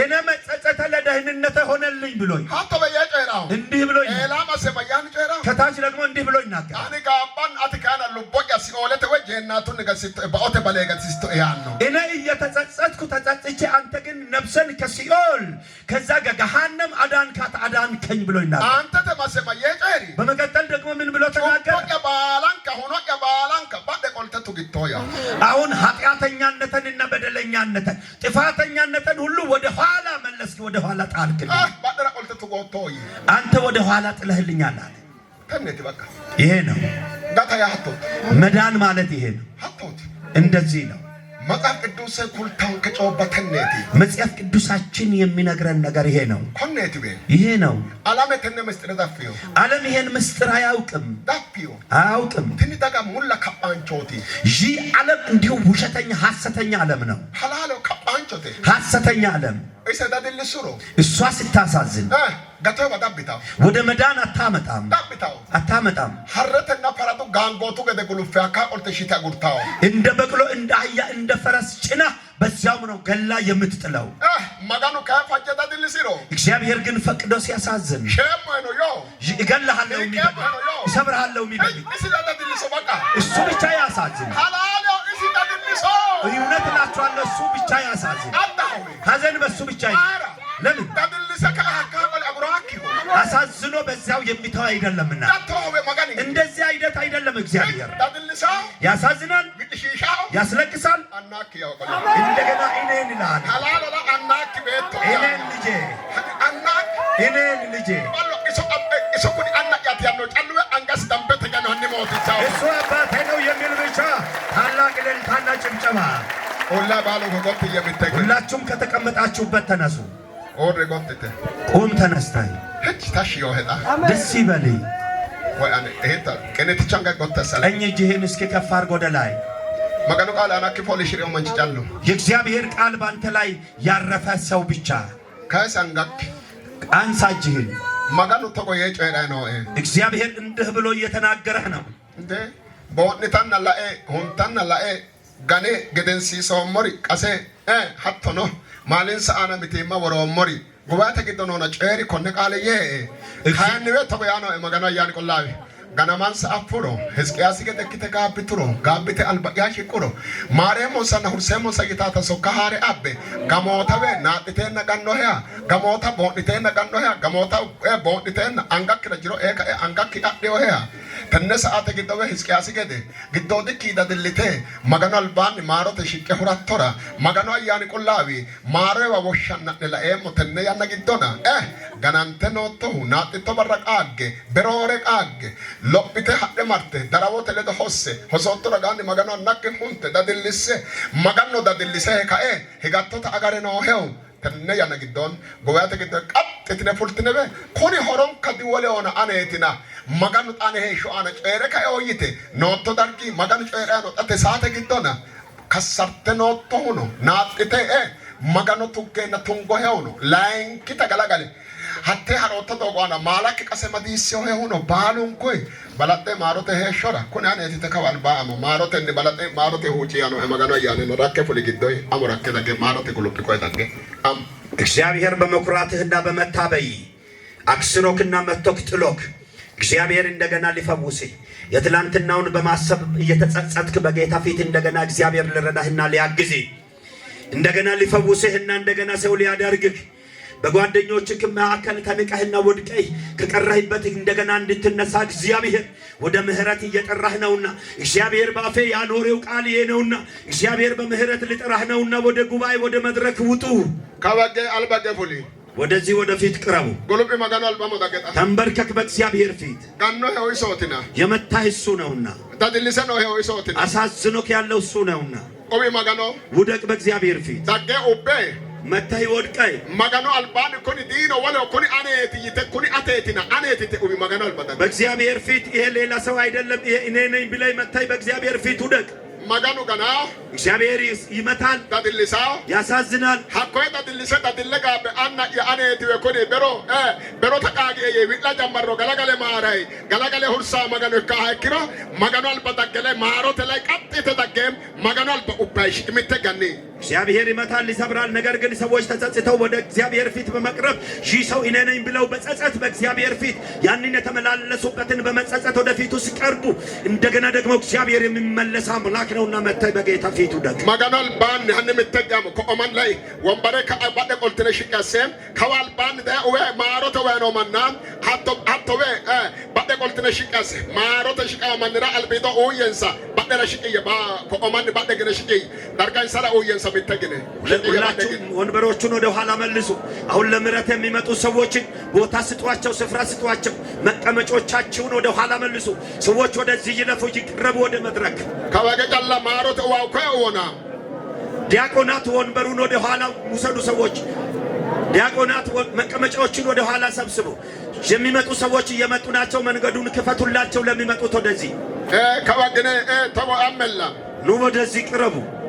እኔ መጸጸተ ለደህንነት ሆነልኝ ብሎኝ እንዲህ ብሎኝ ከታች ደግሞ እንዲህ ብሎ ይናገራል። እኔ እየተጸጸትኩ ተጸጽቼ አንተ ግን ነፍሴን ከሲኦል ከዛ ከገሃነም አዳንካት አዳንከኝ ብሎ ይናገራል። በመቀጠል ደግሞ ምን ብሎ ተናገረ? አሁን ኃጢአተኛነትንና በደለኛነትን ጥፋተኛነትን ሁሉ ወደ ኋላ መለስክ፣ ወደ ኋላ ጣልክልኝ። አንተ ወደ ኋላ ጥለህልኛል አለ። ይሄ ነው መዳን ማለት። ይሄ ነው እንደዚህ ነው መጽሐፍ ቅዱስ ኩልታን ከጮበተኔቲ መጽሐፍ ቅዱሳችን የሚነግረን ነገር ይሄ ነው። ኮኔቲ ይሄ ነው። ዓለም ተነ ምስጥር ዳፊዮ ዓለም ይሄን ምስጥር አያውቅም፣ ዳፊዮ አያውቅም። ትንታቃ ሙላ ካፓንቾቲ ይህ ዓለም እንዲሁ ውሸተኛ ሐሰተኛ ዓለም ነው። ሐላሎ ሐሰተኛ ዓለም እሷ ስታሳዝን ወደ መዳን አታመጣም አታመጣም። እንደ በቅሎ እንደ አህያ እንደ ፈረስ ጭና ነው ገላ የምትጥለው። እግዚአብሔር ግን ፈቅዶ ሲያሳዝን እገልሃለሁ፣ እሰብርሃለሁ እሱ ብቻ ያሳዝን እውነት እላችኋለሁ እሱ ብቻ ያሳዝን ሐዘን በሱ ብቻ ለምን አሳዝኖ በዚያው የሚተው አይደለምና፣ እንደዚህ አይነት አይደለም እግዚአብሔር። ያሳዝናል፣ ያስለቅሳል። እንደገና እኔን ይልሃል፣ እኔን ልጄ፣ እኔን ልጄ እሱ እልልታና ጭብጨባ ኦላ ባሎ ጎት የምትገ ሁላችሁም ከተቀመጣችሁበት ተነሱ። ኦር ጎትተ ቁም ተነስታይ እቺ ታሽ ይወጣ ደስ ይበል ወይ አኔ እስኪ ከፍ አድርግ ወደ ላይ መቀኑ ቃል አናኪ ፖሊሽ ነው መንጭጫሉ የእግዚአብሔር ቃል ባንተ ላይ ያረፈ ሰው ብቻ ከሰንጋክ አንሳ ጂህን መቀኑ ተቆ የጨራ ነው እግዚአብሔር እንድህ ብሎ እየተናገረህ ነው እንዴ በወንታና ላኤ ሁንታና ላኤ gane gedensiisoommori qase hattono maalinsa aana mitiimma woroommori gubaate giddo noona coyeri konne qaale yee kayinniwe togo yaanoe magano ayyaani qollaawi ganamansa affuro hizqiyaasi gede ikkite gaabbituro gaabbite alba'yaa shiqquro maareemmonsanna hurseemmonsa yitaata sokka haare abbe gamootawe naaxxiteenna gannoheya gamoota boodhiteenna gannoheya gamoota boodhiteenna angakkira jiro ee ka'e angakki adhiyoheya tenne sa'ate giddowe hizqiyaasi gede giddoodikki dadillite maganu albaanni maarote shiqqe hurattora maganu ayyaani qullaawi maaroewa woshshanna'ne la'eemmo tenne yanna giddona eh ganante noottohu naaxxitto barra qaagge beroore qaagge lophite hadhe marte darawote ledo hosse hosootto ragaanni maganu annakki hunte dadillisse maganno dadillise he ka'e higattota agare noohehu tenne yanna giddon gowyaate giddon qaxxitine fultinebe kuni horonkati wolehono aneetina maganu xaane heeshsho aana coyre kaeoo yite nootto dargi maganu coyreano xate saate giddona kassarte noottohuno naaxxite e magano tuggeenna tungohehuno layinkita galagale hatte haloota dogoana maalakki qase madiiseho hehuno baalunkuy balaxxe maarote heeshshora kuni aneetite kawan ba'amo maarotenne balaxxe maarote huuciyano magano ayyaanino rakke fuli giddoy amo rakke dagge maarote guluphikoy dagge am እግዚአብሔር በመኩራትህና በመታበይ አክስሮክና መቶክ ጥሎክ እግዚአብሔር እንደገና ሊፈውስህ የትላንትናውን በማሰብ እየተጸጸትክ በጌታ ፊት እንደገና እግዚአብሔር ልረዳህና ሊያግዝህ እንደገና ሊፈውስህና እንደገና ሰው ሊያደርግህ በጓደኞችህ መካከል ከንቀህና ወድቀህ ከቀረህበት እንደገና እንድትነሳ እግዚአብሔር ወደ ምሕረት እየጠራህ ነውና እግዚአብሔር በአፌ ያኖሬው ቃል ይሄ ነውና እግዚአብሔር በምሕረት ልጠራህ ነውና ወደ ጉባኤ ወደ መድረክ ውጡ። ከበገ አልበገ ፉሊ ወደዚህ ወደፊት ቅረቡ። ጎሎቤ ማጋኑ አልባሞ ዳገጣ ተንበርከክ በእግዚአብሔር ፊት ጋኖ ሄው ይሶትና የመታህ እሱ ነውና ታድልሰ ነው ሄው ይሶትና አሳዝኖክ ያለው እሱ ነውና ኦቤ ማጋኖ ውደቅ በእግዚአብሔር ፊት ታገ ኦቤ መታይ ወድቃይ መገኖ አልባን ኩን ዲኖ ወለ ኩን አኔትይተ ኩን አቴትና አኔትተ ኡቢ መገኖ አልባታ በእግዚአብሔር ፊት ይሄ ሌላ ሰው አይደለም፣ ይሄ እኔ ነኝ ብለህ መታይ በእግዚአብሔር ፊት ውደቅ። መገኑ ገና እግዚአብሔር ይመታል፣ ተድልሳ ያሳዝናል። ሀኮ ተድልሰ ተድለጋ በአና የአኔት ኩን በሮ በሮ ተቃቂ የቢላ ጀመሮ ገለገለ ማራይ ገለገለ ሁርሳ መገኑ ካሃኪሮ መገኑ አልባ ተገለ ማሮ ተላይ ቀጥ ተደገም መገኑ አልባ ኡባይሽ ምተገኔ እግዚአብሔር ይመታል፣ ይሰብራል። ነገር ግን ሰዎች ተጸጽተው ወደ እግዚአብሔር ፊት በመቅረብ ሺህ ሰው እኔ ነኝ ብለው በጸጸት በእግዚአብሔር ፊት ያንን የተመላለሱበትን በመጸጸት ወደ ሲቀርቡ እንደገና ደግሞ እግዚአብሔር የሚመለስ አምላክ ነውና መጥተህ በጌታ ፊቱ ደግ ማጋናል ባን ያን የምትጠቀም ከኦመን ላይ ወንበረ ከአባደ ቆልትነ ሽቀሴም ከዋል ባን ወ ማሮተ ወ ነው መና ሀቶ ወ ባደ ቆልትነ ሽቀሴ ማሮተ ሽቃ መንራ አልቤቶ ኡየንሳ ባደረ ሽቅየ ከኦመን ባደ ግነ ሽቅይ ዳርካን ሰራ ኡየንሳ ሁላችሁም ወንበሮቹን ወደ ኋላ መልሱ። አሁን የሚመጡ ሰዎችን ቦታ ስጧቸው፣ ስፍራ ስጧቸው። መቀመጮቻችሁን ወደ ኋላ መልሱ። ሰዎች ወደዚህ ይለፉ፣ ይቅረቡ ወደ መድረክ። ዲያቆናት ወንበሩን ወደ ኋላ ውሰዱ። ሰዎች ዲያቆናት መቀመጫዎችን ወደ ኋላ ሰብስቡ። የሚመጡ ሰዎች እየመጡ ናቸው። መንገዱን ክፈቱላቸው ለሚመጡት ወደዚህ ኑ ወደዚህ ቅረቡ።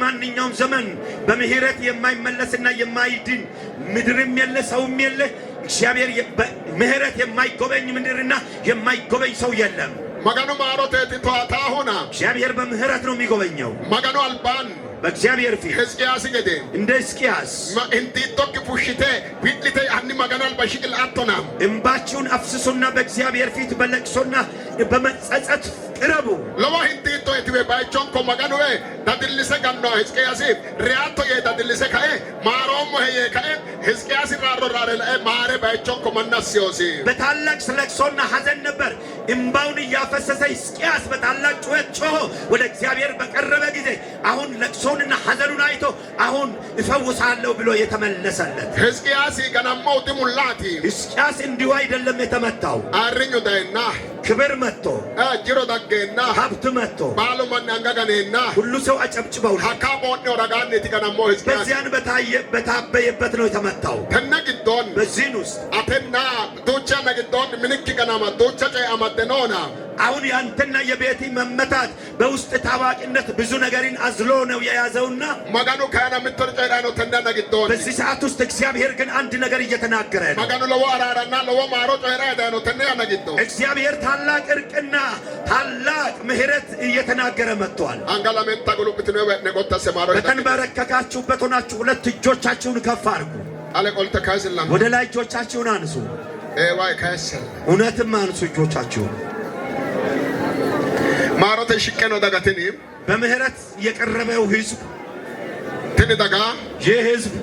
በማንኛውም ዘመን በምህረት የማይመለስና የማይድን ምድርም የለ ሰውም የለ እግዚአብሔር ምህረት የማይጎበኝ ምድርና የማይጎበኝ ሰው የለም። መገኑ ማሮቴቲቷ ሆና እግዚአብሔር በምህረት ነው የሚጎበኘው። መገኑ አልባን በእግዚአብሔር ፊት ሕዝቅያስ ገደ እንደ ሕዝቅያስ እንቲቶክ ፉሽቴ ቢልቴ አኒ መገናል በሽቅል አቶና እምባችሁን አፍስሱና በእግዚአብሔር ፊት በለቅሶና በመጸጸት ቅረቡ ለዋህን ife bayichonko maganoe dadillise gannoha hisiqiyaasiif reyaatto yee dadillise ka'e maaroommo he yee ka'e ሕዝቅያስ ራሮ ራረ ለአይ ማረ ባይቾንኮ መናስዮሲ በታላቅ ስለቅሶና ሐዘን ነበር እምባውን እያፈሰሰ ሕዝቅያስ በታላቅ ጩኸት ጮሆ ወደ እግዚአብሔር በቀረበ ጊዜ አሁን ለቅሶንና ሐዘኑን እፈውሳለሁ ብሎ የተመለሰለት ሕዝቅያስ ገናማው ሙላቲ ሕዝቅያስ እንዲሁ አይደለም የተመታው። አርኙ ዳይና ክብር መጥቶ ጅሮ ዳጌና ሀብት መጥቶ ባሎማን አንጋጋኔና ሁሉ ሰው አጨብጭበው ሀካቦን ኦራጋኔ ትገናሞ ሕዝቅያስ በዚያን በታየ ነው የተመታው። ከነ ግዶን በዚህን ውስጥ አቴና ዶቻ ነግዶን ምንክ ቀናማ ዶቻ ጨይ አማደኖና አሁን ያንተና የቤቲ መመታት በውስጥ ታዋቂነት ብዙ ነገርን አዝሎ ነው የያዘውና ማጋኑ ካና ምትር ጨይ ነው ተንዳ ነግዶን በዚህ ሰዓት ውስጥ እግዚአብሔር ግን አንድ ነገር እየተናገረ ነው። ማጋኑ ለወ አራራና ለወ ማሮ ጨይ ራዳ ነው ተንዳ ነግዶ እግዚአብሔር ታላቅ እርቅና ታላቅ ምሕረት እየተናገረ መጥቷል። አንጋላሜን ታጉሉብት ነው ነቆታ ሰማሮ በተንበረከካችሁበት ሆናችሁ ሁለት እጆቻችሁን ከፍ አድርጉ። አለቆል ተካዝላ ወደ ላይ እጆቻችሁን አንሱ። እውነትም አንሱ ማሮተ ነው በምህረት የቀረበው ህዝብ ትን ይህ ህዝብ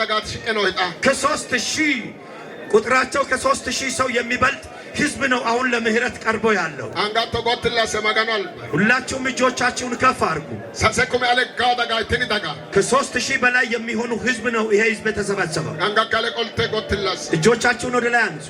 ዳጋት ሽቄ ነው ከሶስት ሺህ ቁጥራቸው ከሶስት ሺህ ሰው የሚበልጥ ህዝብ ነው አሁን ለምህረት ቀርቦ ያለው። ሁላችሁም እጆቻችሁን ከፍ አድርጉ። ከሶስት ሺህ በላይ የሚሆኑ ህዝብ ነው ይሄ ህዝብ የተሰበሰበው። እጆቻችሁን ወደ ላይ አንሱ።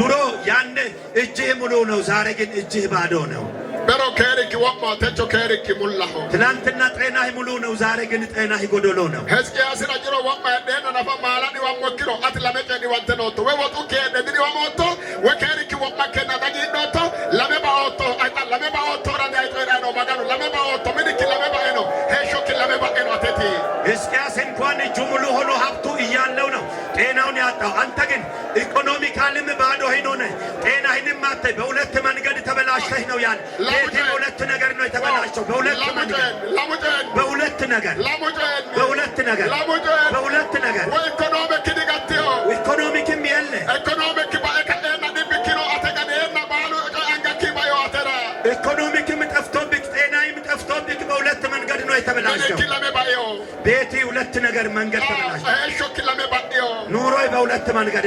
ድሮ ያኔ እጅህ ሙሉ ነው፣ ዛሬ ግን እጅህ ባዶ ነው። በሮ ከሪክ ወማ ተቾ ከሪክ ሙላሁ ትላንትና ጤናህ ሙሉ ነው፣ ዛሬ ግን ጤናህ ጎዶሎ ነው። ሕዝቅያስ ረጅሮ ወማ ያደነ ነፈ ማላኒ ወሞክሮ አትለመጨኒ ወንተኖቶ ወወጡ ከነድሪ ወሞቶ ወከሪክ ወማ ከናዳጊኖቶ ለመባኦቶ አይጣ ለመባኦቶ ረዳ አይጦራ ነው ማዳኑ ለመባኦቶ ምንክ ለመባኤ ነው ሄሾክ ለመባኤ ነው አቴቲ ሕዝቅያስ እንኳን እጁ ሙሉ ሆኖ ሀብቱ እያለው ነው ጤናውን ያጣው። አንተ ግን ኢኮኖሚካልም ባዶ ሂኖ ነህ፣ ጤናህንም አተ በሁለት መንገድ ተበላሽተ ናቸው። በሁለት ነገር በሁለት ነገር በሁለት ነገር በሁለት ነገር ኢኮኖሚክም የለ ኢኮኖሚክም ጠፍቶብክ፣ ጤናይም ጠፍቶብክ። በሁለት መንገድ ነው የተበላሸው። ቤቲ ሁለት ነገር መንገድ ተበላሸው። ኑሮይ በሁለት መንገድ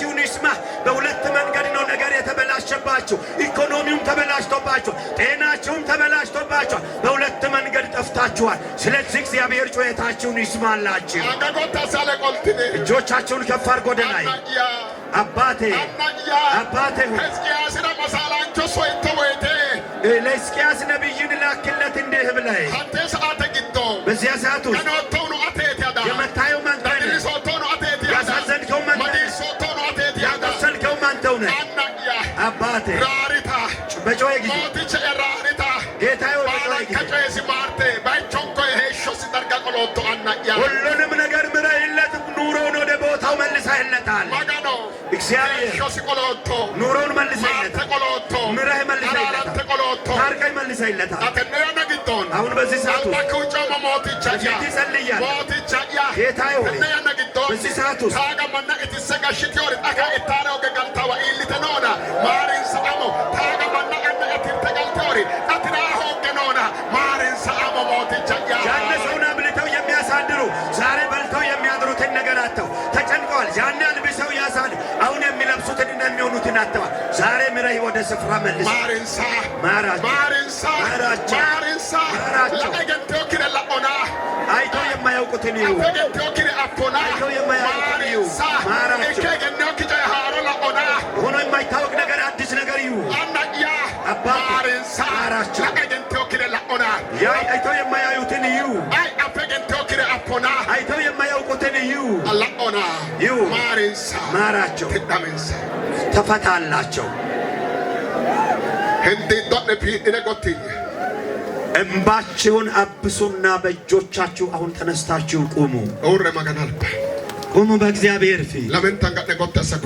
ጆሮአችሁን ይስማ። በሁለት መንገድ ነው ነገር የተበላሸባችሁ። ኢኮኖሚውም ተበላሽቶባችኋል፣ ጤናችሁም ተበላሽቶባችኋል። በሁለት መንገድ ጠፍታችኋል። ስለዚህ እግዚአብሔር ጩኸታችሁን ይስማላችሁ። እጆቻችሁን ከፍ አድርጎ ወደ ላይ አባቴ አባቴ ለሕዝቅያስ ነቢይን ላክለት እንዲህ ብለህ በዚያ ሰዓት ውስጥ የመታየው ሆነ አባቴ በጮኸ ጊዜ ጌታዬ ሁሉንም ነገር ምረህለት ኑሮውን ወደ ቦታው መልሰህለታል። እግዚአብሔር ኑሮውን መልሰህለታል። ምረህ መልሰህለታል። ታርቀህ መልሰህለታል። አሁን በዚህ ሰዓት ጸልያለሁ። ጌታዬ በዚህ ሰዓት ውስጥ ታቀመና እትሰጋሽት ወር ጠካ እታረወገ ገልታዋ ኢልተኖና ማሪን ሰአሞ ማሪን ሰአሞ ሰውን የሚያሳድሩ ዛሬ በልተው የሚያድሩትን ነገር አተው ተጨንቀዋል። አልብሰው አሁን የሚለብሱትን እና የሚሆኑትን አተዋል። ዛሬ ምረህ ወደ ስፍራ መልስ። ማሪንሳ ማራቸው ማሪንሳ ማራቸው አይቶ የማያውቁትን ይዩ፣ አይቶ የማያውቁትን ይዩ፣ ማራቸው። ሆኖ የማይታወቅ ነገር አዲስ ነገር ይዩ፣ ማራቸው። አይቶ የማያዩትን ይዩ፣ አይቶ የማያውቁትን ይዩ፣ ይዩ፣ ማራቸው፣ ተፈታላቸው። እምባችሁን አብሱና በእጆቻችሁ አሁን ተነስታችሁ ቁሙ። ቁሙ በእግዚአብሔር ፊት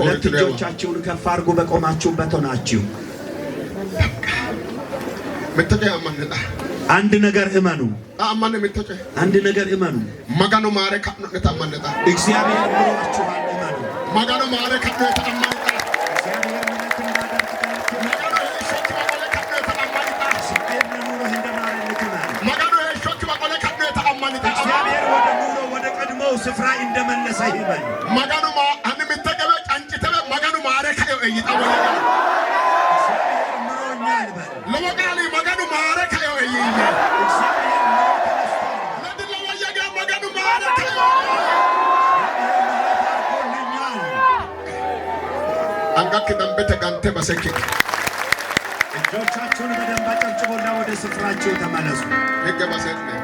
ሁለት እጆቻችሁን ከፍ አድርጉ። በቆማችሁበት ሆናችሁ አንድ ነገር እመኑ። አንድ ነገር እመኑ። እግዚአብሔር ብሏችኋል፣ እመኑ ስፍራ እንደመለሰ ይበል መገኑ አንምተገበ ቀንጭተበ መገኑ ማረከ እይጠወ ምሮኛል በል ለወቃሊ መገኑ ማረከ እይየ አንጋክ ደንበተ ጋንተ በሰኪ እጆቻችሁን በደንብ አጨብጭቡና ወደ ስፍራችሁ ተመለሱ።